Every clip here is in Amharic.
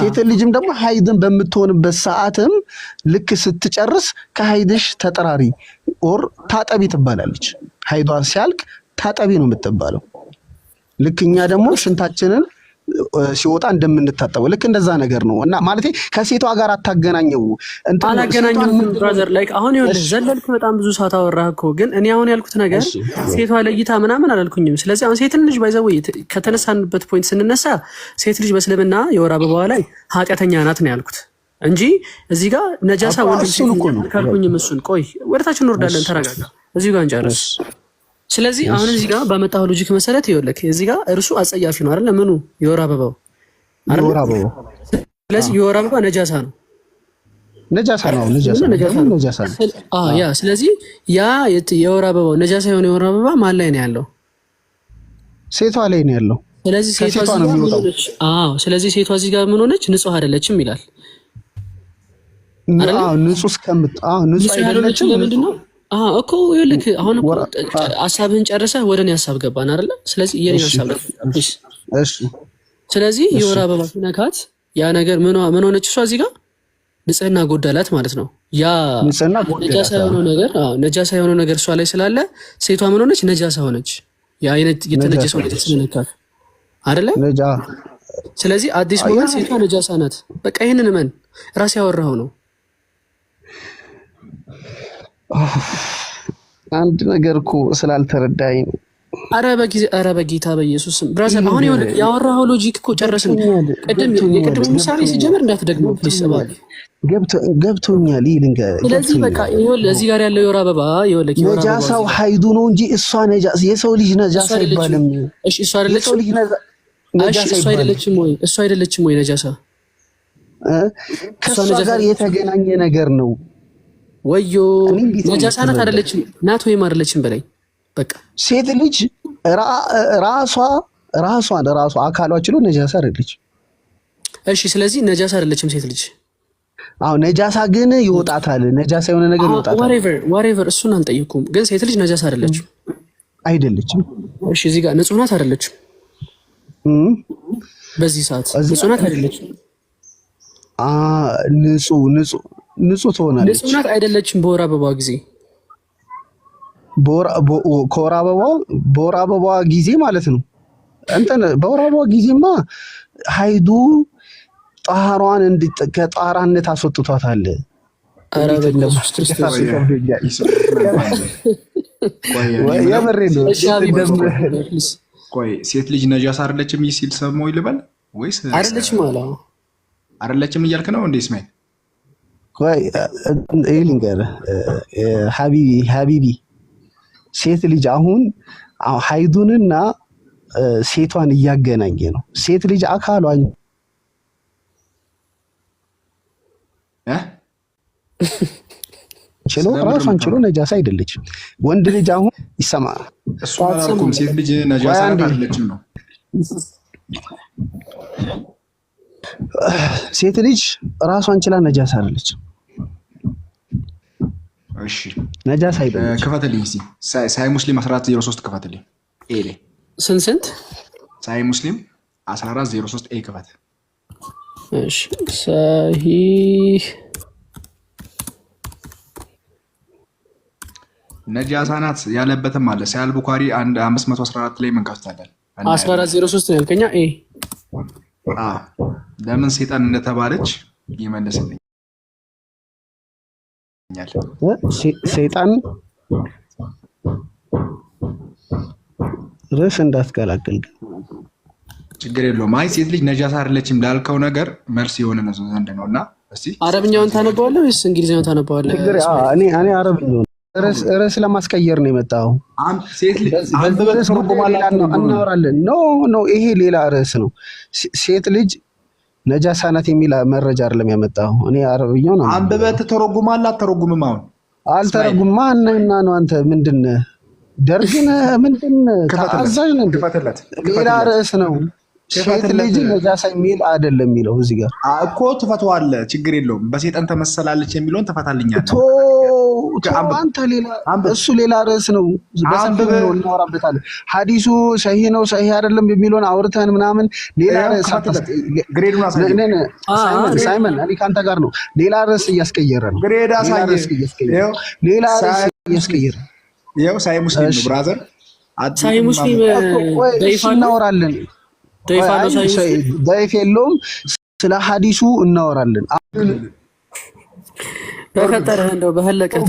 ሴት ልጅም ደግሞ ሀይድን በምትሆንበት ሰዓትም ልክ ስትጨርስ ከሀይድሽ ተጠራሪ ኦር ታጠቢ ትባላለች። ሀይዷ ሲያልቅ ታጠቢ ነው የምትባለው። ልክ እኛ ደግሞ ሽንታችንን ሲወጣ እንደምንታጠበው ልክ እንደዛ ነገር ነው። እና ማለት ከሴቷ ጋር አታገናኘው አላገናኘሁም። ብራዘር ላይ አሁን ሆን ዘለልኩ በጣም ብዙ ሰዓት አወራህ እኮ ግን እኔ አሁን ያልኩት ነገር ሴቷ ለይታ ምናምን አላልኩኝም። ስለዚህ አሁን ሴትን ልጅ ባይዘው ከተነሳንበት ፖይንት ስንነሳ ሴት ልጅ በእስልምና የወር አበባዋ ላይ ኃጢአተኛ ናት ነው ያልኩት እንጂ እዚህ ጋር ነጃሳ ወንድ ካልኩኝም እሱን ቆይ ወደታችን እንወርዳለን። ተረጋጋ። እዚህ ጋር እንጨርስ። ስለዚህ አሁን እዚህ ጋር በመጣው ሎጂክ መሰረት ይኸውልህ እዚህ ጋር እርሱ አጸያፊ ነው አይደለ? ምኑ የወር አበባው አይደለ? ስለዚህ የወር አበባ ነጃሳ ነው። ነጃሳ ነው። ነጃሳ ነው። አዎ ያ ስለዚህ ያ የወር አበባው ነጃሳ የሆነ የወር አበባ ማን ላይ ነው ያለው? ሴቷ ላይ ነው ያለው። ስለዚህ ሴቷ ነው የሚወጣው። አዎ ስለዚህ ሴቷ እዚህ ጋር ምን ሆነች? ንጹህ አይደለችም ይላል። አዎ ንጹህ እስከምት አዎ ንጹህ አይደለችም ምንድነው እኮ ይኸውልህ አሁን ሀሳብህን ጨርሰህ ወደ እኔ ሀሳብ ገባን አይደለ? ስለዚህ የኔ ሀሳብ ስለዚህ የወር አበባ ሲነካት ያ ነገር ምን ሆነች? እሷ እዚህ ጋር ንጽህና ጎደላት ማለት ነው። ያ ነጃሳ የሆነው ነገር እሷ ላይ ስላለ ሴቷ ምን ሆነች? ነጃሳ ሆነች። ያ የተነጀሰው ነገር ስለነካት አይደለ? ስለዚህ አዲስ ሞመንት ሴቷ ነጃሳ ናት። በቃ ይህንን እመን፣ ራስ ያወራኸው ነው። አንድ ነገር እኮ ስላልተረዳኝ ነው። አረ በጊዜ አረ በጌታ በኢየሱስ ስም ብራዘር፣ አሁን የሆነ ያወራኸው ሎጂክ እኮ ጨረስን። ቅድም የቅድሙ ምሳሌ ሲጀምር እንዳትደግሞ ፕሊስ። ሰባል ገብቶኛል። ይህ ልንገ ስለዚህ በቃ እዚህ ጋር ያለው የወር አበባ ነጃሳው ሀይዱ ነው እንጂ እሷ ነጃ የሰው ልጅ ነጃሳ አይባልም። እሷ አይደለችም ወይ እሷ አይደለችም ወይ ነጃሳ ከእሷ ጋር የተገናኘ ነገር ነው ወዮ ነጃሳ ናት አደለችም ናት ወይም አደለችም በላይ በቃ ሴት ልጅ ራሷ ራሷን ራሷ አካሏ ችሎ ነጃሳ አደለች። እሺ፣ ስለዚህ ነጃሳ አይደለችም ሴት ልጅ። አዎ ነጃሳ ግን ይወጣታል፣ ነጃሳ የሆነ ነገር ይወጣታል። ወሬቨር እሱን አንጠይቁም። ግን ሴት ልጅ ነጃሳ አደለችም፣ አይደለችም። እሺ፣ እዚህ ጋር ንጹህ ናት በዚህ ሰዓት ንጹህ ናት አይደለችም? ንጹህ ንጹህ ንጹህ ትሆናለች። ንጹህ ናት አይደለችም? በወር አበባ ጊዜ ከወር አበባ በወር አበባ ጊዜ ማለት ነው። እንትን በወር አበባ ጊዜማ ሀይዱ ጣሯን ከጣራነት አስወጥቷታል። ሴት ልጅ ነጃስ አይደለችም ሲል ሰሞ ይልበል ወይስ አይደለችም? አለ አይደለችም እያልክ ነው እንዴ እስማኤል? ይህ ልንገርህ ሀቢቢ ሀቢቢ ሴት ልጅ አሁን ሀይዱንና ሴቷን እያገናኘ ነው። ሴት ልጅ አካሏ ችሎ ራሷን ችሎ ነጃሳ አይደለች። ወንድ ልጅ አሁን ይሰማ ሴት ልጅ ነጃሳ አይደለችም ነው ሴት ልጅ ራሷን ችላ ነጃሳ አለች። እሺ ነጃሳ አይደለች። ክፈትልኝ እስኪ ሳይ ሙስሊም 1403 ክፈትልኝ። ኤ ላይ ስንት ስንት ሳይ ሙስሊም 1403 ኤ ክፈት። እሺ ሳሂህ ነጃሳ ናት ያለበትም አለ። ሳያል ቡካሪ 514 ላይ ምን ከፍታለን? 1403 ነው ያልከኛ ኤ ለምን ሴጣን እንደተባለች ይመልስልኛል። ሴጣን ርዕስ እንዳትቀላቅል ግን ችግር የለውም። አይ ሴት ልጅ ነጃሳ አይደለችም ላልከው ነገር መልስ የሆነ ነው ዘንድ ነው እና አረብኛውን ታነበዋለህ ወይስ እንግሊዝኛውን ታነበዋለህ? እኔ አረብኛውን ርዕስ ለማስቀየር ነው የመጣው። በዚህ ርዕስ እናወራለን። ኖ ኖ፣ ይሄ ሌላ ርዕስ ነው። ሴት ልጅ ነጃሳናት የሚል መረጃ አይደለም ያመጣው። እኔ አረብኛው ነው አንብበህ ትተረጉማለህ። አልተረጉምም። አሁን አልተረጉምማ እና ነው አንተ ምንድን ደርግን ምንድን ታዛዥ ነው። ሌላ ርዕስ ነው። ሴት ልጅ ነጃሳ የሚል አይደለም የሚለው እዚህ ጋር እኮ ትፈተዋለህ። ችግር የለውም። በሴጠን ተመሰላለች የሚለውን ትፈታልኛለህ። አንተ ሌላ እሱ ሌላ ርዕስ ነው። በሰንበብ ነው እናወራበታለን። ሀዲሱ ሰሂ ነው ሰሂ አይደለም የሚለውን አውርተን ምናምን ሌላ ርዕስ ሳይመን እኔ ከአንተ ጋር ነው። ሌላ ርዕስ እያስቀየረ ነው። ሌላ ርዕስ እያስቀየረ ይኸው ሳይ ሙስሊም ነው ብራዘር፣ ሳይ ሙስሊም እናወራለን። ደይፍ የለውም። ስለ ሀዲሱ እናወራለን። በፈጠረህ እንደው በፈለቀህ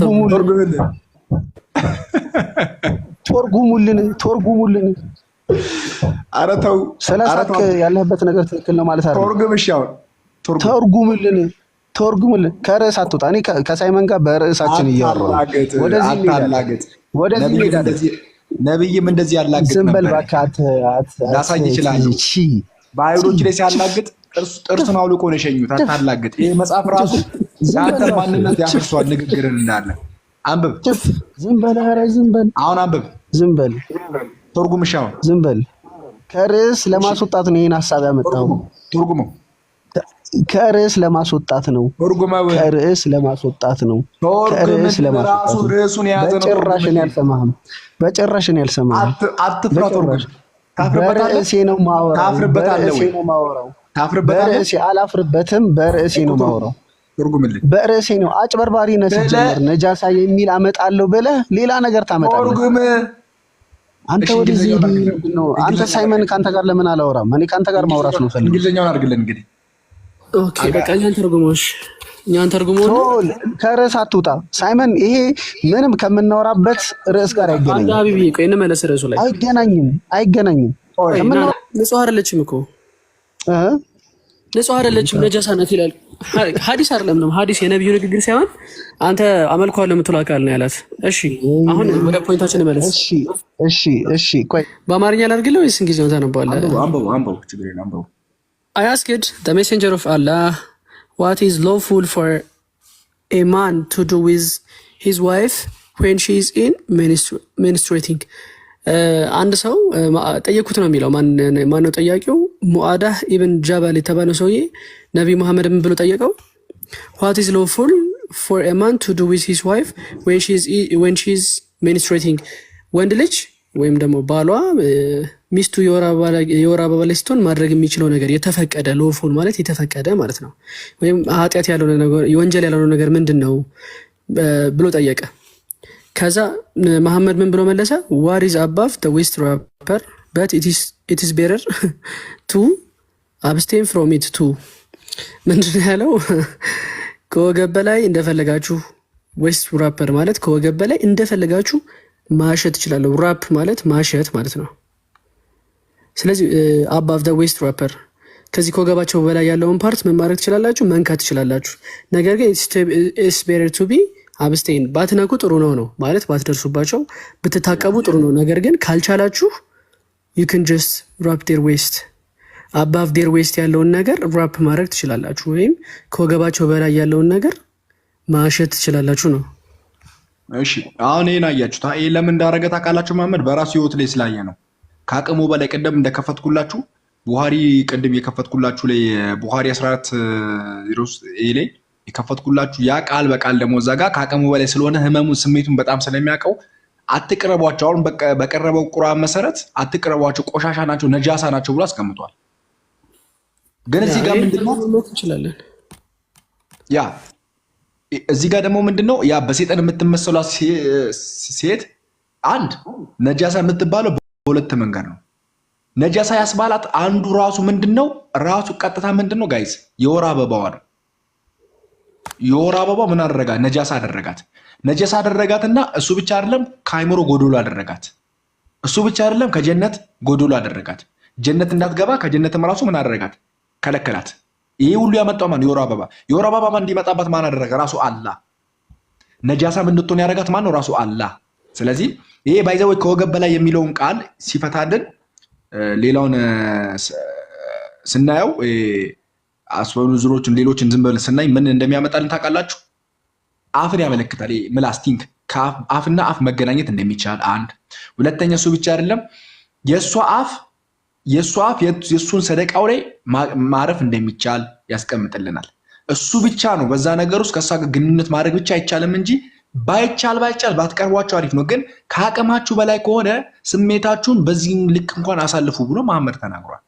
ተርጉሙልን ተርጉሙልን። ኧረ ተው ያለህበት ነገር ትክክል ነው ማለት ከርዕስ አትወጣ። እኔ ከሳይመን ጋር በርዕሳችን እያወራሁ ወደዚህ ነብይም እንደዚህ ያላግጥ ዝም በል እባክህ፣ ላሳይ ይችላል። በአይሁዶች ላይ ሲያላግጥ ጥርሱን አውልቆ ነው የሸኙት። አታላግጥ። መጽሐፍ ራሱ የአንተ ማንነት ያፈሷል። ንግግር እንዳለ አንብብ። ዝም በል ኧረ ዝም በል አሁን አንብብ። ዝም በል ትርጉምሽ አሁን ዝም በል። ከርዕስ ለማስወጣት ነው ይህን ሀሳብ ያመጣው። ትርጉሙ ከርዕስ ለማስወጣት ነው። ከርዕስ ለማስወጣት ነው። ከርዕስ ለማስወጣት ነው። በጭራሽ እኔ አልሰማህም። በጭራሽ ነው አልሰማህም። በርዕሴ ነው የማወራው። በርዕሴ አላፍርበትም። በርዕሴ ነው ማወራው በርዕሴ አላፍርበትም በርዕሴ ነው ማወራው ትርጉምልኝ። በርዕሴ ነው አጭበርባሪነት ሲጀምር ነጃሳ የሚል አመጣለሁ ብለህ ሌላ ነገር ታመጣለህ። ትርጉም አንተ ወደዚህ ነው። አንተ ሳይመን ከአንተ ጋር ለምን አላወራም? እኔ ከአንተ ጋር ማውራት ነው ፈልግ። እንግሊዝኛውን አድርግልን እንግዲህ። ኦኬ በቃ እኛን እኛን ተርጉሞ ከርዕስ አትውጣ ሳይመን። ይሄ ምንም ከምናወራበት ርዕስ ጋር አይገናኝም። እንመለስ ርዕሱ ላይ አይገናኝም፣ አይገናኝም። አይደለችም እኮ ንጹህ አይደለችም ነጃሳ ናት ይላል ሐዲስ አይደለም ነው ሐዲስ የነብዩ ንግግር ሳይሆን አንተ አመልኳለሁ የምትለው አካል ነው ያላት። እሺ አሁን ወደ ፖይንታችን መለስ። እሺ እሺ ቆይ በአማርኛ ላድርግልህ ወይስ እንግሊዝኛ ታነባለህ? አንበው አንበው ችግር የለም አንበው። I asked the messenger of Allah what is lawful for a man to do with his አንድ ሰው ጠየኩት ነው የሚለው። ማነው ጠያቂው? ሙአዳህ ኢብን ጃበል የተባለ ሰውዬ ነቢ መሐመድ ምን ብሎ ጠየቀው? ዋት ኢዝ ሎፉል ፎር ኤ ማን ቱ ዱ ዊዝ ሂዝ ዋይፍ ወን ሺ ኢዝ ሚኒስትሬቲንግ። ወንድ ልጅ ወይም ደግሞ ባሏ ሚስቱ የወር አበባ ላይ ስትሆን ማድረግ የሚችለው ነገር የተፈቀደ፣ ሎፉል ማለት የተፈቀደ ማለት ነው። ወይም ኃጢአት ያልሆነ ነገር፣ የወንጀል ያልሆነ ነገር ምንድን ነው ብሎ ጠየቀ። ከዛ መሐመድ ምን ብሎ መለሰ? ዋሪዝ አባፍ ተ ዌስት ራፐር በት ኢትስ ቤረር ቱ አብስቴን ፍሮም ኢት ቱ ምንድን ያለው ከወገብ በላይ እንደፈለጋችሁ ዌስት ራፐር ማለት ከወገብ በላይ እንደፈለጋችሁ ማሸት ትችላለሁ? ራፕ ማለት ማሸት ማለት ነው። ስለዚህ አባፍ ደ ዌስት ራፐር ከዚህ ከወገባቸው በላይ ያለውን ፓርት መማድረግ ትችላላችሁ፣ መንካት ትችላላችሁ። ነገር ግን ኢትስ ቤረር ቱ ቢ አብስቴን ባትነኩ ጥሩ ነው ነው ማለት ባትደርሱባቸው ብትታቀቡ ጥሩ ነው። ነገር ግን ካልቻላችሁ ዩ ካን ጀስት ራፕ ዴር ዌስት አባቭ ዴር ዌስት ያለውን ነገር ራፕ ማድረግ ትችላላችሁ፣ ወይም ከወገባቸው በላይ ያለውን ነገር ማሸት ትችላላችሁ ነው። እሺ አሁን ይህን አያችሁት። ይህ ለምን እንዳረገ ታውቃላችሁ? መሐመድ በራሱ ህይወት ላይ ስላየ ነው። ከአቅሙ በላይ ቅድም እንደከፈትኩላችሁ ቡሃሪ ቅድም የከፈትኩላችሁ ላይ ቡሃሪ 14 ላይ የከፈትኩላችሁ ያ ቃል በቃል ደግሞ እዛ ጋር ከአቅሙ በላይ ስለሆነ ህመሙ ስሜቱን በጣም ስለሚያውቀው አትቅረቧቸው። አሁን በቀረበው ቁርአን መሰረት አትቅረቧቸው፣ ቆሻሻ ናቸው፣ ነጃሳ ናቸው ብሎ አስቀምጧል። ግን እዚህ ጋር ምንድነው እንችላለን ያ እዚህ ጋር ደግሞ ምንድነው ያ በሴጠን የምትመሰሏ ሴት አንድ ነጃሳ የምትባለው በሁለት መንገድ ነው። ነጃሳ ያስባላት አንዱ ራሱ ነው ራሱ ቀጥታ ነው ጋይዝ የወር አበባዋ ነው። የወር አበባ ምን አደረጋት? ነጃሳ አደረጋት። ነጃሳ አደረጋትና እሱ ብቻ አይደለም ከአይምሮ ጎዶሎ አደረጋት። እሱ ብቻ አይደለም ከጀነት ጎዶሎ አደረጋት። ጀነት እንዳትገባ ከጀነትም ራሱ ምን አደረጋት? ከለከላት። ይሄ ሁሉ ያመጣው ማን? የወር አበባ። የወር አበባ እንዲመጣባት ማን አደረገ? ራሱ አላህ። ነጃሳም እንድትሆን ያደረጋት ማን ነው? ራሱ አላህ። ስለዚህ ይሄ ባይዘው ከወገብ በላይ የሚለውን ቃል ሲፈታልን ሌላውን ስናየው አስበሉ ዝሮችን ሌሎችን ዝም ብለን ስናይ ምን እንደሚያመጣልን ታውቃላችሁ? አፍን ያመለክታል። ምላስ ቲንክ አፍና አፍ መገናኘት እንደሚቻል አንድ። ሁለተኛ እሱ ብቻ አይደለም፣ የእሷ አፍ የእሱ አፍ የእሱን ሰደቃው ላይ ማረፍ እንደሚቻል ያስቀምጥልናል። እሱ ብቻ ነው በዛ ነገር ውስጥ ከእሷ ጋር ግንኙነት ማድረግ ብቻ አይቻልም እንጂ ባይቻል ባይቻል ባትቀርቧቸው አሪፍ ነው። ግን ከአቅማችሁ በላይ ከሆነ ስሜታችሁን በዚህ ልክ እንኳን አሳልፉ ብሎ መሐመድ ተናግሯል።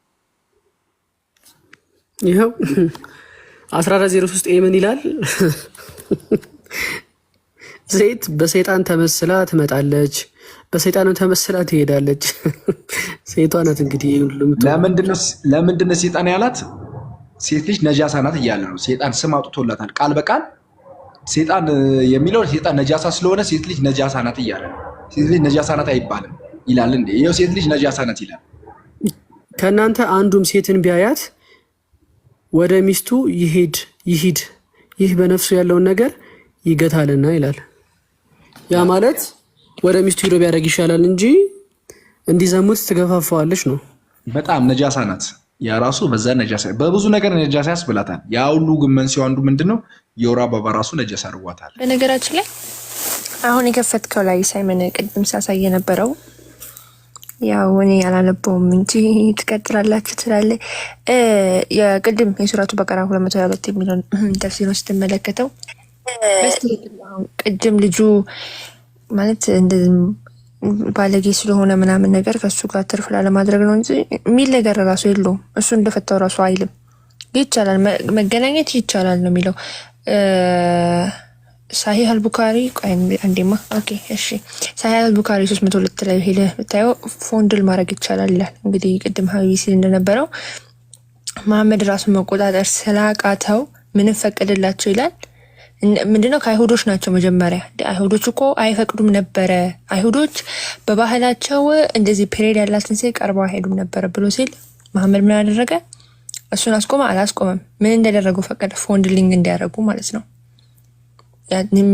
ይኸው 1403 ኤ ምን ይላል? ሴት በሰይጣን ተመስላ ትመጣለች፣ በሰይጣንም ተመስላ ትሄዳለች። ሴቷ ናት እንግዲህ። ለምንድነው ሴጣን ያላት? ሴት ልጅ ነጃሳ ናት እያለ ነው። ሴጣን ስም አውጥቶላታል ቃል በቃል ሴጣን የሚለው ሴጣን ነጃሳ ስለሆነ ሴት ልጅ ነጃሳ ናት እያለ ነው። ሴት ልጅ ነጃሳ ናት አይባልም ይላል እንዴ? ይኸው ሴት ልጅ ነጃሳ ናት ይላል። ከእናንተ አንዱም ሴትን ቢያያት ወደ ሚስቱ ይሄድ ይሂድ ይህ በነፍሱ ያለውን ነገር ይገታልና ይላል። ያ ማለት ወደ ሚስቱ ሂዶ ቢያደርግ ይሻላል እንጂ እንዲዘሙት ትገፋፋዋለች ነው። በጣም ነጃሳ ናት። ያ ራሱ በዛ ነጃሳ በብዙ ነገር ነጃሳ ያስብላታል። ያ ሁሉ ግመን ሲው አንዱ ምንድነው የወር አበባ ራሱ ነጃሳ አድርጓታል። በነገራችን ላይ አሁን የከፈትከው ላይ ሳይመን ቅድም ሲያሳይ የነበረው ያው እኔ ያላለበውም እንጂ ትቀጥላላችሁ ትላለ። የቅድም የሱራቱ በቀራ ሁለት መቶ ሁለት የሚለውን ተፍሲሮች ስትመለከተው ቅድም ልጁ ማለት እንደ ባለጌ ስለሆነ ምናምን ነገር ከሱ ጋር ትርፍ ላለማድረግ ነው እንጂ የሚል ነገር ራሱ የለውም። እሱ እንደፈታው ራሱ አይልም። ይቻላል መገናኘት ይቻላል ነው የሚለው ሳሂህ አልቡካሪ አንዴማ ኦኬ እሺ፣ ሳሂህ አልቡካሪ ሶስት መቶ ሁለት ላይ ሄደህ ብታየው ፎንድል ማድረግ ይቻላል ይላል። እንግዲህ ቅድም ሀቢ ሲል እንደነበረው መሐመድ ራሱን መቆጣጠር ስላቃተው ምንም ፈቀደላቸው ይላል። ምንድነው? ከአይሁዶች ናቸው መጀመሪያ። አይሁዶች እኮ አይፈቅዱም ነበረ። አይሁዶች በባህላቸው እንደዚህ ፔሬድ ያላትን ሴት ቀርበው አይሄዱም ነበረ ብሎ ሲል መሐመድ ምን አደረገ? እሱን አስቆመ? አላስቆመም። ምን እንደደረጉ ፈቀደ። ፎንድሊንግ እንዲያደረጉ ማለት ነው።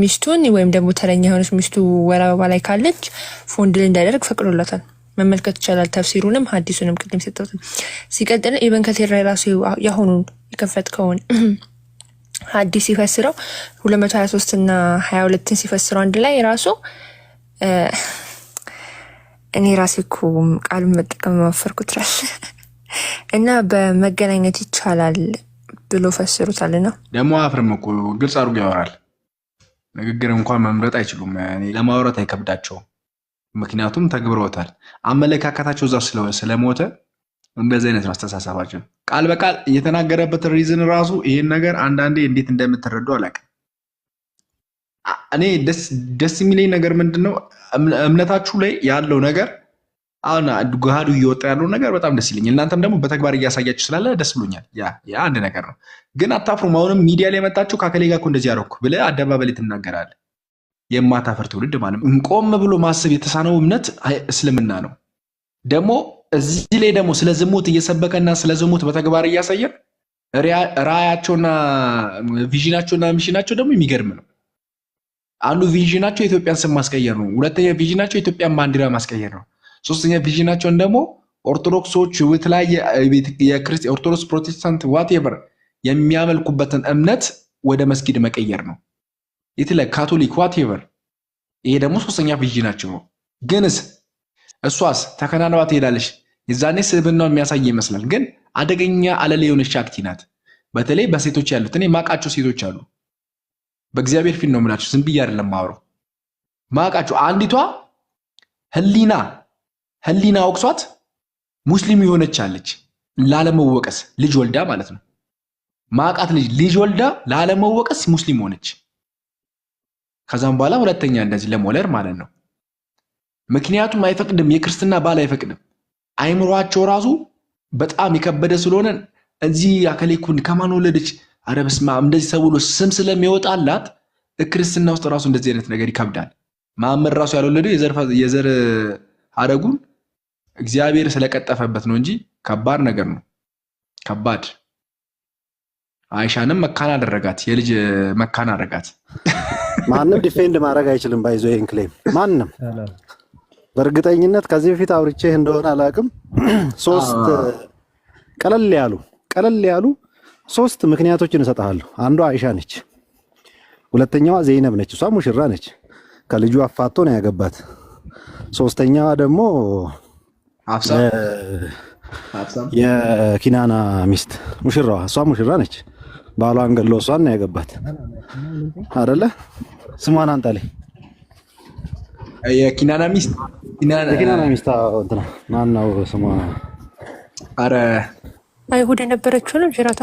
ሚስቱን ወይም ደግሞ ተረኛ የሆነች ሚስቱ ወር አበባ ላይ ካለች ፎንድል እንዳደርግ ፈቅዶላታል። መመልከት ይቻላል። ተፍሲሩንም ሐዲሱንም ቅድም ሰጠትም ሲቀጥል ኢብን ከቲር ራሱ ያሁኑን የከፈትከውን ሐዲስ ሲፈስረው ሁለት ሀያ ሶስት እና ሀያ ሁለትን ሲፈስረው አንድ ላይ ራሱ እኔ ራሴ እኮ ቃሉን መጠቀም የማፈርኩት ራል እና በመገናኘት ይቻላል ብሎ ፈስሩታል። ነው ደግሞ አፍርም እኮ ግልጽ አድርጎ ያወራል። ንግግር እንኳን መምረጥ አይችሉም። ለማውራት አይከብዳቸውም፣ ምክንያቱም ተግብሮታል አመለካከታቸው እዛ ስለሞተ እንደዚህ አይነት ነው አስተሳሰባቸው። ቃል በቃል የተናገረበት ሪዝን ራሱ ይህን ነገር አንዳንዴ እንዴት እንደምትረዱ አላውቅም። እኔ ደስ የሚለኝ ነገር ምንድን ነው እምነታችሁ ላይ ያለው ነገር አሁን ገሃዱ እየወጣ ያለው ነገር በጣም ደስ ይለኛል። እናንተም ደግሞ በተግባር እያሳያችሁ ስላለ ደስ ብሎኛል። ያ አንድ ነገር ነው። ግን አታፍሩም። አሁንም ሚዲያ ላይ መጣችሁ ከአከሌ ጋር እኮ እንደዚህ አደረኩ ብለህ አደባባይ ላይ ትናገራለህ። የማታፈር ትውልድ ማለት ቆም ብሎ ማሰብ የተሳነው እምነት እስልምና ነው። ደግሞ እዚህ ላይ ደግሞ ስለ ዝሙት እየሰበከና ስለ ዝሙት በተግባር እያሳየን ራያቸውና ቪዥናቸውና ሚሽናቸው ደግሞ የሚገርም ነው። አንዱ ቪዥናቸው የኢትዮጵያን ስም ማስቀየር ነው። ሁለተኛ ቪዥናቸው የኢትዮጵያን ባንዲራ ማስቀየር ነው። ሶስተኛ ቪዥናቸውን ደግሞ ኦርቶዶክሶች ህይወት ላይ የኦርቶዶክስ ፕሮቴስታንት ዋቴቨር የሚያመልኩበትን እምነት ወደ መስጊድ መቀየር ነው። የትለ ካቶሊክ ዋቴቨር። ይሄ ደግሞ ሶስተኛ ቪዥናቸው ነው። ግንስ እሷስ ተከናንባ ትሄዳለች። የዛኔ ስብናው የሚያሳይ ይመስላል፣ ግን አደገኛ አለሌ የሆነች አክቲ ናት። በተለይ በሴቶች ያሉት እኔ ማቃቸው ሴቶች አሉ። በእግዚአብሔር ፊት ነው የምላቸው፣ ዝም ብዬ አይደለም ማወራው። ማቃቸው አንዲቷ ህሊና ህሊና ወቅሷት ሙስሊም የሆነች አለች ላለመወቀስ ልጅ ወልዳ ማለት ነው። ማቃት ልጅ ልጅ ወልዳ ላለመወቀስ ሙስሊም ሆነች። ከዛም በኋላ ሁለተኛ እንደዚህ ለሞለር ማለት ነው። ምክንያቱም አይፈቅድም፣ የክርስትና ባል አይፈቅድም። አይምሯቸው ራሱ በጣም የከበደ ስለሆነ እዚህ አከሌኩን ከማን ወለደች ኧረ በስመ አብ እንደዚህ ተብሎ ስም ስለሚወጣላት ክርስትና ውስጥ ራሱ እንደዚህ አይነት ነገር ይከብዳል። ማመር ራሱ ያልወለደው የዘር አረጉን። እግዚአብሔር ስለቀጠፈበት ነው እንጂ ከባድ ነገር ነው። ከባድ አይሻንም መካን አደረጋት። የልጅ መካን አደረጋት። ማንም ዲፌንድ ማድረግ አይችልም። ባይዞ ይህን ክሌም ማንም በእርግጠኝነት ከዚህ በፊት አውርቼ እንደሆነ አላውቅም። ሶስት ቀለል ያሉ ቀለል ያሉ ሶስት ምክንያቶችን እሰጥሃለሁ። አንዷ አይሻ ነች። ሁለተኛዋ ዘይነብ ነች፣ እሷ ሙሽራ ነች፣ ከልጁ አፋቶ ነው ያገባት። ሶስተኛዋ ደግሞ የኪናና ሚስት ሙሽራዋ፣ እሷ ሙሽራ ነች። ባሏን ገሎ እሷን ነው ያገባት አደለ? ስሟን አንጣልኝ። የኪናና ሚስት የኪናና ሚስት እንትና ማነው ስሟ? አረ አይሁድ የነበረችው ነው ጅራታ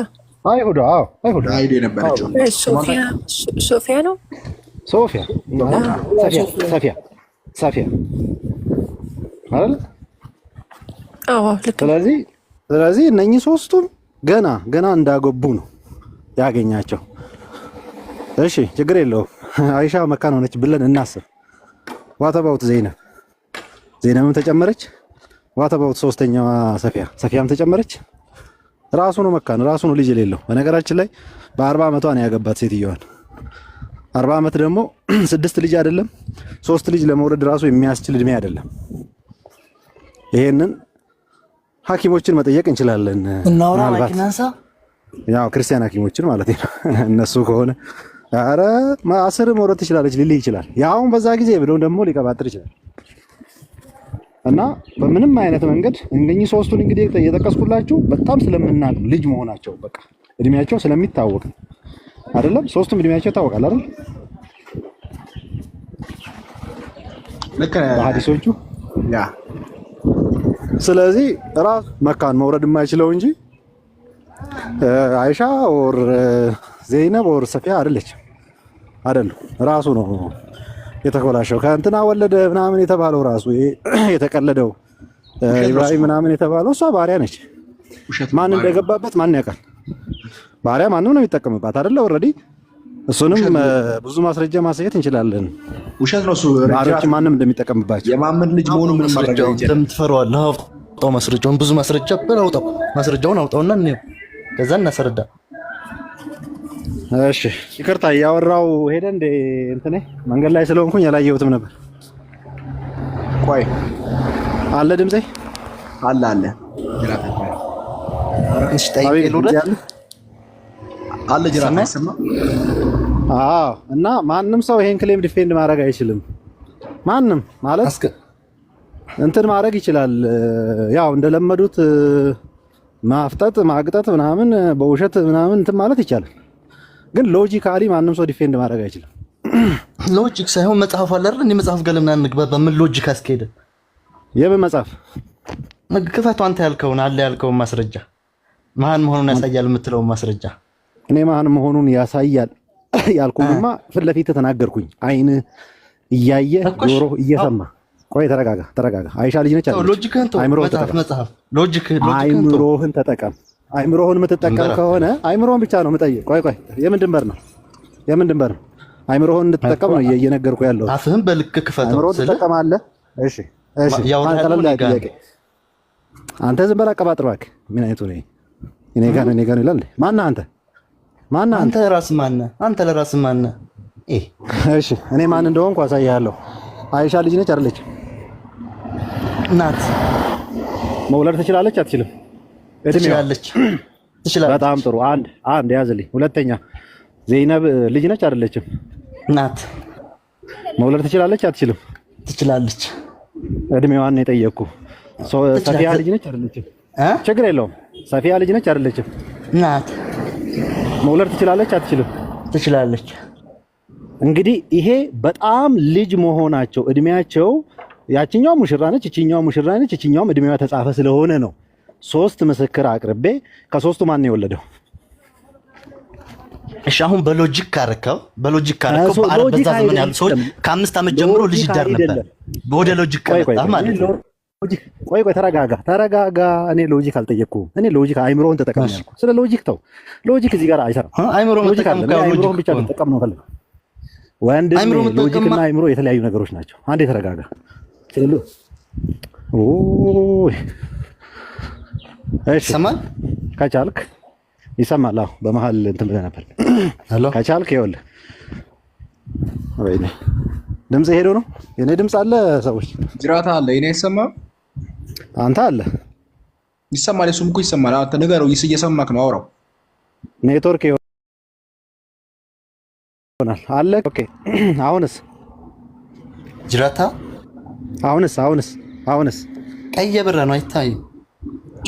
አይሁድ። አዎ አይሁድ፣ አይሁድ የነበረችው ሶፊያ ነው። ሶፊያ ሰፊያ ሰፊያ አይደል? ስለዚህ ስለዚህ እነኚህ ሶስቱም ገና ገና እንዳገቡ ነው ያገኛቸው። እሺ ችግር የለውም። አይሻ መካን ሆነች ብለን እናስብ። ዋተባውት ዘይነብ ዘይነብም ተጨመረች። ዋተባውት ሶስተኛዋ ሰፊያ ሰፊያም ተጨመረች። ራሱ ነው መካን ራሱ ነው ልጅ የሌለው። በነገራችን ላይ በአርባ ዓመቷ ነው ያገባት ሴትዮዋን። አርባ ዓመት ደግሞ ስድስት ልጅ አይደለም ሶስት ልጅ ለመውለድ ራሱ የሚያስችል እድሜ አይደለም። ይሄንን ሐኪሞችን መጠየቅ እንችላለን። እናውራ ያው ክርስቲያን ሐኪሞችን ማለት ነው። እነሱ ከሆነ አረ አስር መውረድ ትችላለች ሊል ይችላል። ያው በዛ ጊዜ ብሎ ደግሞ ሊቀባጥር ይችላል። እና በምንም አይነት መንገድ እነኚህ ሶስቱን እንግዲህ የጠቀስኩላችሁ በጣም ስለምናቅ ልጅ መሆናቸው በቃ እድሜያቸው ስለሚታወቅ አይደለም። ሶስቱም እድሜያቸው ይታወቃል አይደል? ልክ በሀዲሶቹ ስለዚህ ራሱ መካን መውረድ የማይችለው እንጂ አይሻ ወር ዘይነብ ወር ሰፊያ አይደለች አይደለም። ራሱ ነው የተኮላሸው። ከእንትና ወለደ ምናምን የተባለው ራሱ የተቀለደው ኢብራሂም ምናምን የተባለው እሷ ባሪያ ነች። ማን እንደገባበት ማን ያውቃል? ባሪያ ማንም ነው የሚጠቀምባት አይደለ ኦልሬዲ እሱንም ብዙ ማስረጃ ማሳየት እንችላለን። ውሸት ነው እሱ። ማሮች ማንም እንደሚጠቀምባቸው የማመድ ልጅ መሆኑ ምን ማስረጃ እንደምትፈረዋል። አውጣው ማስረጃውን፣ ብዙ ማስረጃ አውጣው፣ ማስረጃውን አውጣውና እኔ ከዛ እናስረዳ። እሺ ይቅርታ፣ እያወራው ሄደ እንደ እንትኔ መንገድ ላይ ስለሆንኩኝ ያላየሁትም ነበር። ቆይ አለ ድምጼ አለ አለ አለ ጅራት አዎ። እና ማንም ሰው ይሄን ክሌም ዲፌንድ ማድረግ አይችልም። ማንም ማለት እንትን ማድረግ ይችላል። ያው እንደለመዱት ማፍጠጥ፣ ማቅጠጥ ምናምን በውሸት ምናምን እንትን ማለት ይቻላል። ግን ሎጂካሊ ማንም ሰው ዲፌንድ ማድረግ አይችልም። ሎጂክ ሳይሆን መጽሐፍ አለ አይደል? እንደ መጽሐፍ ጋር ለምን አንግባ? ሎጂክ አስኬደ? የምን መጽሐፍ ክፈቱ። አንተ ያልከውን አለ ያልከውን ማስረጃ መሀን መሆኑን ያሳያል የምትለውን ማስረጃ እኔ መሀን መሆኑን ያሳያል ያልኩህማ ፊት ለፊት ተናገርኩኝ። አይን እያየ ጆሮ እየሰማ ቆይ ተረጋጋ፣ ተረጋጋ። አይሻ ልጅ ነች አለች። አይምሮህን ተጠቀም። አይምሮህን የምትጠቀም ከሆነ አይምሮህን ብቻ ነው የምጠይቅ። ቆይ ቆይ፣ የምን ድንበር ነው? የምን ድንበር ነው? አይምሮህን እንድትጠቀም ነው እየነገርኩ ያለው። አፍህን በልክ ክፈት። አይምሮህን ትጠቀማለህ። እሺ፣ እሺ። ቀለል ያለ ጥያቄ። አንተ ዝም በላ አቀባጥር እባክህ። ምን አይነቱ ነው? እኔ ጋር ነው ይላል። ማነህ አንተ? ማን አንተ ራስህ ማነህ? አንተ ለራስህ ማነህ? እሺ እኔ ማን እንደሆንኩ አሳያለሁ። አይሻ ልጅ ነች አይደለች? ናት። መውለድ ትችላለች አትችልም? ትችላለች። ትችላለች። በጣም ጥሩ። አንድ አንድ ያዝልኝ። ሁለተኛ ዘይነብ ልጅ ነች አይደለችም? ናት። መውለድ ትችላለች አትችልም? ትችላለች። እድሜዋን ነው የጠየቅኩ። ሰፊያ ልጅ ነች አይደለችም? ችግር የለውም። ሰፊያ ልጅ ነች አይደለችም? ናት። መውለድ ትችላለች አትችልም? ትችላለች። እንግዲህ ይሄ በጣም ልጅ መሆናቸው እድሜያቸው ያችኛው ሙሽራ ነች፣ እችኛው ሙሽራ ነች፣ እችኛውም እድሜዋ ተጻፈ ስለሆነ ነው። ሶስት ምስክር አቅርቤ ከሶስቱ ማን ነው የወለደው? እሺ አሁን በሎጂክ ካረከው በሎጂክ ካረከው በአረብ በዛ ዘመን ያሉ ሰዎች ከአምስት ዓመት ጀምሮ ልጅ ይዳር ነበር። ወደ ሎጂክ ካረከው ማለት ነው ሎጂክ ቆይ ቆይ ተረጋጋ ተረጋጋ። እኔ ሎጂክ አልጠየቅኩም። እኔ ሎጂክ አይምሮህን ተጠቀም ያልኩ። ስለ ሎጂክ ተው። ሎጂክ እዚህ ጋር አይሰራም። አይምሮህን ብቻ ተጠቀም ነው ፈልገው። ወንድ ሎጂክና አይምሮ የተለያዩ ነገሮች ናቸው። አንዴ ተረጋጋ። ይሰማል ከቻልክ ይሰማል። አዎ በመሀል እንትን ብለህ ነበር። ከቻልክ ይኸውልህ ድምፅ ሄዶ ነው የእኔ ድምፅ አለ ሰዎች ጅራታ አለ ይኔ አይሰማም አንተ አለ ይሰማል። እሱም እኮ ይሰማል። አንተ ንገረው፣ እየሰማክ ነው። አውራው ኔትወርክ ይሆናል አለ። ኦኬ፣ አሁንስ ጅራታ፣ አሁንስ አሁንስ አሁንስ ቀይ ብረ ነው አይታይም።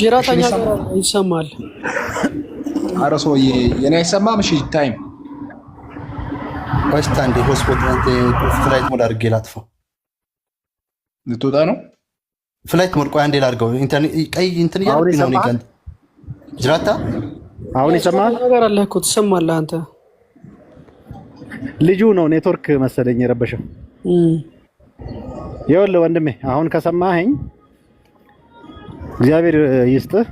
ጅራታኛ ይሰማል። ኧረ ሰውዬ የኔ አይሰማም። እሺ ታይም ወስታ እንደ ሆስፒታል ላይ ሞድ አድርጌ ላጥፋው ልትወጣ ነው ፍላይት መርቆ አንዴ ላድርገው። ቀይ እንትን እያልኩኝ ነው እኔ ጅራታ። አሁን የሰማኸው ነገር አለ እኮ ትሰማለህ አንተ። ልጁ ነው ኔትወርክ መሰለኝ የረበሸው። ይኸውልህ ወንድሜ አሁን ከሰማኸኝ እግዚአብሔር ይስጥህ።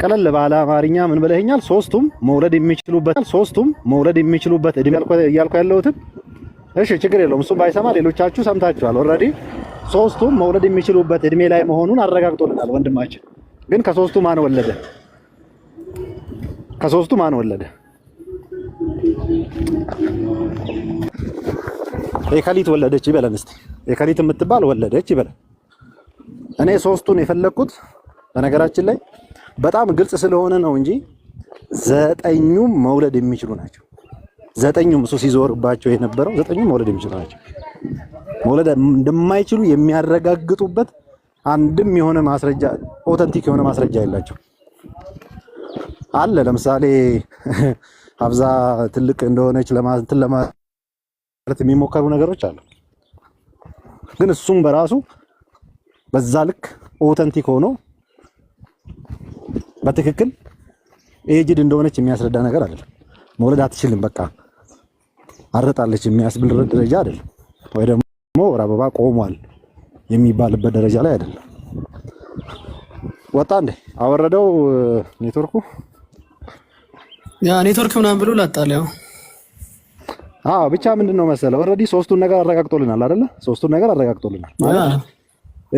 ቀለል ባለ አማርኛ ምን ብለኸኛል? ሶስቱም መውለድ የሚችሉበት ሶስቱም መውለድ የሚችሉበት እድሜ እያልኩ ያለሁትን። እሺ ችግር የለውም እሱ ባይሰማ ሌሎቻችሁ ሰምታችኋል ኦልሬዲ ሶስቱም መውለድ የሚችሉበት እድሜ ላይ መሆኑን አረጋግጦልናል። ወንድማችን ግን ከሶስቱ ማን ወለደ? ከሶስቱ ማን ወለደ? የከሊት ወለደች ይበለን እስቲ። የከሊት የምትባል ወለደች ይበለን። እኔ ሶስቱን የፈለግኩት በነገራችን ላይ በጣም ግልጽ ስለሆነ ነው እንጂ ዘጠኙም መውለድ የሚችሉ ናቸው። ዘጠኙም እሱ ሲዞርባቸው የነበረው ዘጠኙም መውለድ የሚችሉ ናቸው። መውለድ እንደማይችሉ የሚያረጋግጡበት አንድም የሆነ ማስረጃ ኦተንቲክ የሆነ ማስረጃ የላቸው አለ። ለምሳሌ አብዛ ትልቅ እንደሆነች ለማንትን ለማለት የሚሞከሩ ነገሮች አሉ። ግን እሱም በራሱ በዛ ልክ ኦተንቲክ ሆኖ በትክክል ኤጅድ እንደሆነች የሚያስረዳ ነገር አይደለም። መውለድ አትችልም በቃ አረጣለች የሚያስብል ደረጃ አይደለም ወይ ደግሞ ወር አበባ ቆሟል የሚባልበት ደረጃ ላይ አይደለም። ወጣ እንዴ አወረደው ኔትወርኩ ያ ኔትወርክ ምናምን ብሎ ላጣለው። አዎ ብቻ ምንድን ነው መሰለ ኦልሬዲ ሶስቱን ነገር አረጋግጦልናል አይደለ? ሶስቱን ነገር አረጋግጦልናል።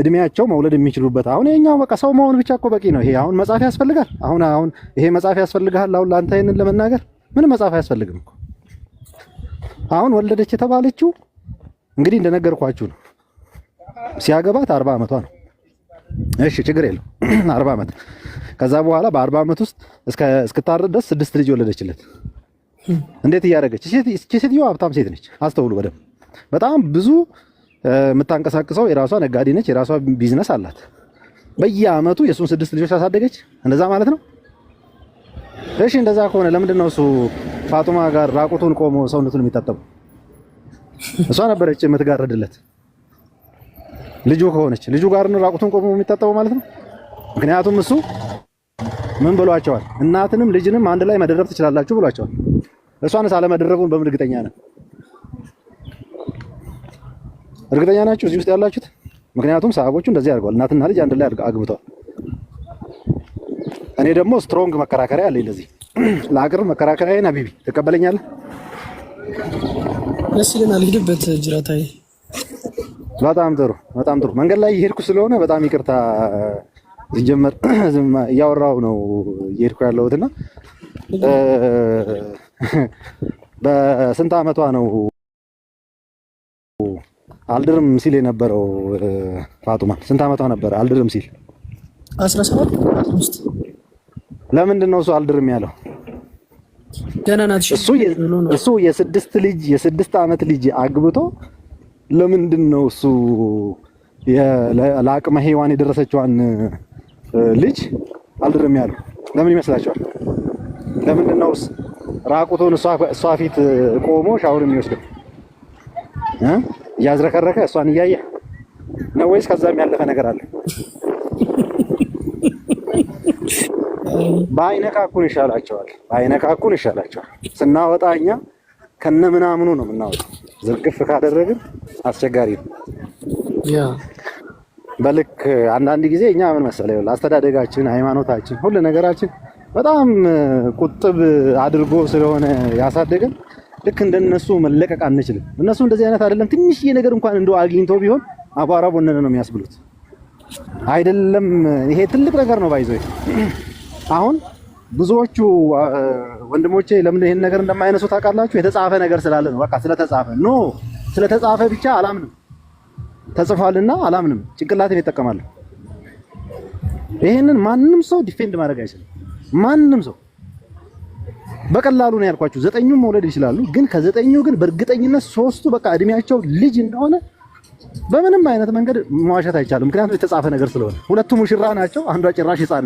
እድሜያቸው መውለድ የሚችሉበት አሁን የኛው በቃ ሰው መሆን ብቻ እኮ በቂ ነው። ይሄ አሁን መጻፍ ያስፈልጋል? አሁን አሁን ይሄ መጻፍ ያስፈልጋል? አሁን ለአንተ ይሄንን ለመናገር ምንም መጻፍ አያስፈልግም እኮ አሁን ወለደች የተባለችው እንግዲህ እንደነገርኳችሁ ነው። ሲያገባት አርባ ዓመቷ ነው። እሺ ችግር የለው አርባ ዓመት ከዛ በኋላ በአርባ ዓመት ውስጥ እስክታረድ ድረስ ስድስት ልጅ ወለደችለት። እንዴት እያደረገች እቺ ሴትዮ ሀብታም ሴት ነች። አስተውሉ በደምብ። በጣም ብዙ የምታንቀሳቅሰው የራሷ ነጋዴ ነች። የራሷ ቢዝነስ አላት። በየአመቱ የእሱን ስድስት ልጆች አሳደገች። እንደዛ ማለት ነው። እሺ እንደዛ ከሆነ ለምንድን ነው እሱ ፋጡማ ጋር ራቁቱን ቆሞ ሰውነቱን የሚታጠበው? እሷ ነበረች የምትጋረድለት ልጁ ከሆነች ልጁ ጋር ነው ራቁቱን ቆሞ የሚታጠበው ማለት ነው። ምክንያቱም እሱ ምን ብሏቸዋል? እናትንም ልጅንም አንድ ላይ መደረብ ትችላላችሁ ብሏቸዋል። እሷንስ አለመደረቡን በምን እርግጠኛ ነን? እርግጠኛ ናችሁ እዚህ ውስጥ ያላችሁት? ምክንያቱም ሰሃቦቹ እንደዚህ አድርገዋል። እናትና ልጅ አንድ ላይ አግብተዋል። እኔ ደግሞ ስትሮንግ መከራከሪያ አለኝ። ለዚህ ለአቅርብ መከራከሪያ ሀቢቢ ትቀበለኛለህ? ደስ ይለናል። ሂድበት ጅራታዬ። በጣም ጥሩ በጣም ጥሩ። መንገድ ላይ እየሄድኩ ስለሆነ በጣም ይቅርታ። ሲጀመር እያወራው ነው እየሄድኩ ያለሁት እና በስንት አመቷ ነው አልድርም ሲል የነበረው ፋጡማ? ስንት ዓመቷ ነበረ አልድርም ሲል? አስራ ሰባት ለምንድን ነው እሱ አልድርም ያለው? እሱ የስድስት ልጅ የስድስት ዓመት ልጅ አግብቶ ለምንድን ነው እሱ ለአቅመ ሔዋን የደረሰችዋን ልጅ አልድርም ያለው? ለምን ይመስላችኋል? ለምንድን ነው ራቁቱን እሷ ፊት ቆሞ ሻወር የሚወስደው እያዝረከረከ እሷን እያየ ነው ወይስ ከዛም ያለፈ ነገር አለ? በአይነካኩን ይሻላቸዋል። ባይነካኩን ይሻላቸዋል። ስናወጣ እኛ ከነ ምናምኑ ነው የምናወጣው። ዝርግፍ ካደረግን አስቸጋሪ ነው። በልክ አንዳንድ ጊዜ እኛ ምን መሰለህ አስተዳደጋችን፣ ሃይማኖታችን፣ ሁሉ ነገራችን በጣም ቁጥብ አድርጎ ስለሆነ ያሳደገን ልክ እንደነሱ መለቀቅ አንችልም። እነሱ እንደዚህ አይነት አይደለም። ትንሽዬ ነገር እንኳን እንደው አግኝቶ ቢሆን አቧራ ቦነነ ነው የሚያስብሉት። አይደለም ይሄ ትልቅ ነገር ነው ባይዘው አሁን ብዙዎቹ ወንድሞቼ ለምን ይሄን ነገር እንደማይነሱ ታውቃላችሁ? የተጻፈ ነገር ስላለ ነው። በቃ ስለተጻፈ ኖ ስለተጻፈ ብቻ አላምንም። ተጽፏልና አላምንም። ጭንቅላቴን እጠቀማለሁ። ይሄንን ማንም ሰው ዲፌንድ ማድረግ አይችልም። ማንም ሰው በቀላሉ ነው ያልኳችሁ። ዘጠኙም መውለድ ይችላሉ፣ ግን ከዘጠኙ ግን በእርግጠኝነት ሶስቱ በቃ እድሜያቸው ልጅ እንደሆነ በምንም አይነት መንገድ መዋሸት አይቻልም። ምክንያቱም የተጻፈ ነገር ስለሆነ ሁለቱ ሙሽራ ናቸው። አንዷ ጭራሽ ሕፃን